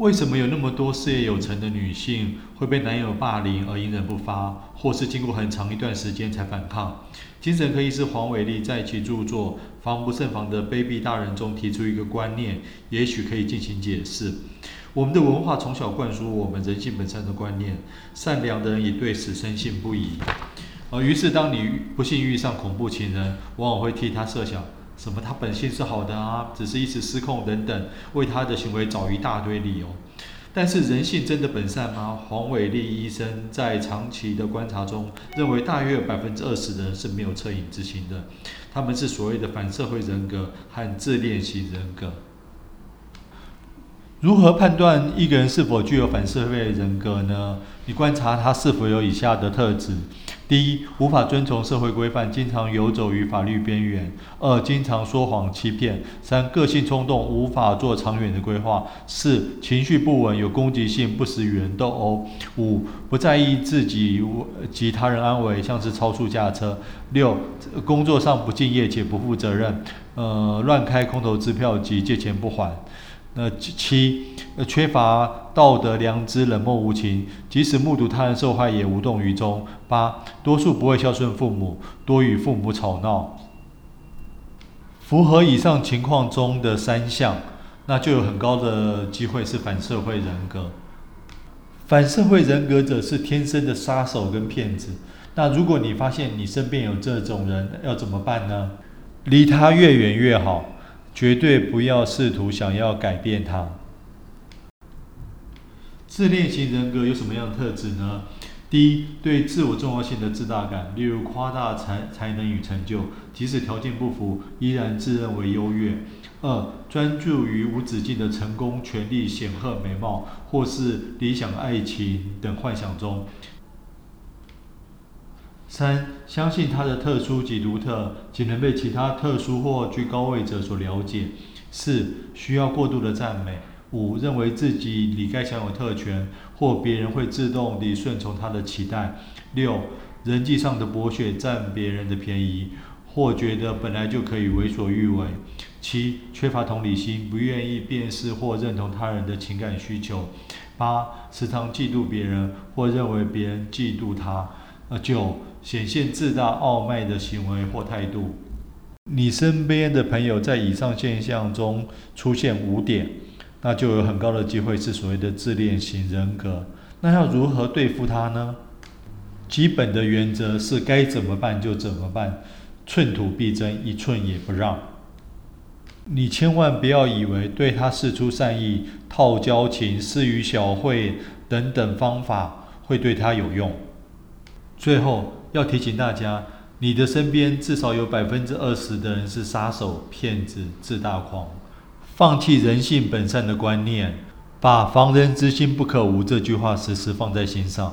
為什麼有那麼多事業有成的女性會被男友霸凌而隱忍不發，或是經過很長一段時間才反抗？精神科醫師黃偉俐在其著作《防不勝防的卑鄙大人》中提出一個觀念，也許可以進行解釋。我們的文化從小灌輸我們人性本善的觀念，善良的人也對此深信不疑。而、呃、於是，當你不幸遇上恐怖情人，往往會替他設想。什麼？他本性是好的啊，只是一時失控等等，為他的行為找一大堆理由。但是人性真的本善嗎？黃偉俐醫生在長期的觀察中認為，大約有百分之二十的人是沒有惻隱之心的，他們是所謂的反社會人格和自戀型人格。如何判斷一個人是否具有反社會人格呢？你觀察他是否有以下的特質。第一，無法遵從社會規範，經常游走於法律邊緣；二，經常說謊欺騙；三，個性衝動，無法做長遠的規劃；四，情緒不穩，有攻擊性，不時與人鬥毆；五，不在意自己及他人安危，像是超速駕車；六，工作上不敬業且不負責任，呃，亂開空頭支票及借錢不還。那七，缺乏道德良知，冷漠無情，即使目睹他人受害也無動於衷。八，多數不會孝順父母，多與父母吵鬧。符合以上情況中的三項，那就有很高的機會是反社會人格。反社會人格者是天生的殺手跟騙子。那如果你發現你身邊有這種人，要怎麼辦呢？離他越遠越好。絕對不要試圖想要改變他。自戀型人格有什麼樣的特質呢？第一，對自我重要性的自大感，例如誇大才，才能與成就，即使條件不符，依然自認為優越。二，專注於無止境的成功、權力、顯赫、美貌，或是理想愛情等幻想中。三、相信他的特殊及獨特，僅能被其他特殊或居高位者所了解。四、需要過度的讚美。五、認為自己理該享有特權，或別人會自動地順從他的期待。六、人際上的剝削，占別人的便宜，或覺得本來就可以為所欲為。七、缺乏同理心，不願意辨識或認同他人的情感需求。八、時常嫉妒別人，或認為別人嫉妒他。呃，就顯現自大傲慢的行為或態度。你身邊的朋友在以上現象中出現五點，那就有很高的機會是所謂的自戀型人格。那要如何對付他呢？基本的原則是該怎麼辦就怎麼辦，寸土必爭，一寸也不讓。你千萬不要以為對他釋出善意、套交情、施於小惠等等方法會對他有用。最後要提醒大家，你的身邊至少有百分之二十的人是殺手、騙子、自大狂。放棄人性本善的觀念，把“防人之心不可無”這句話時時放在心上。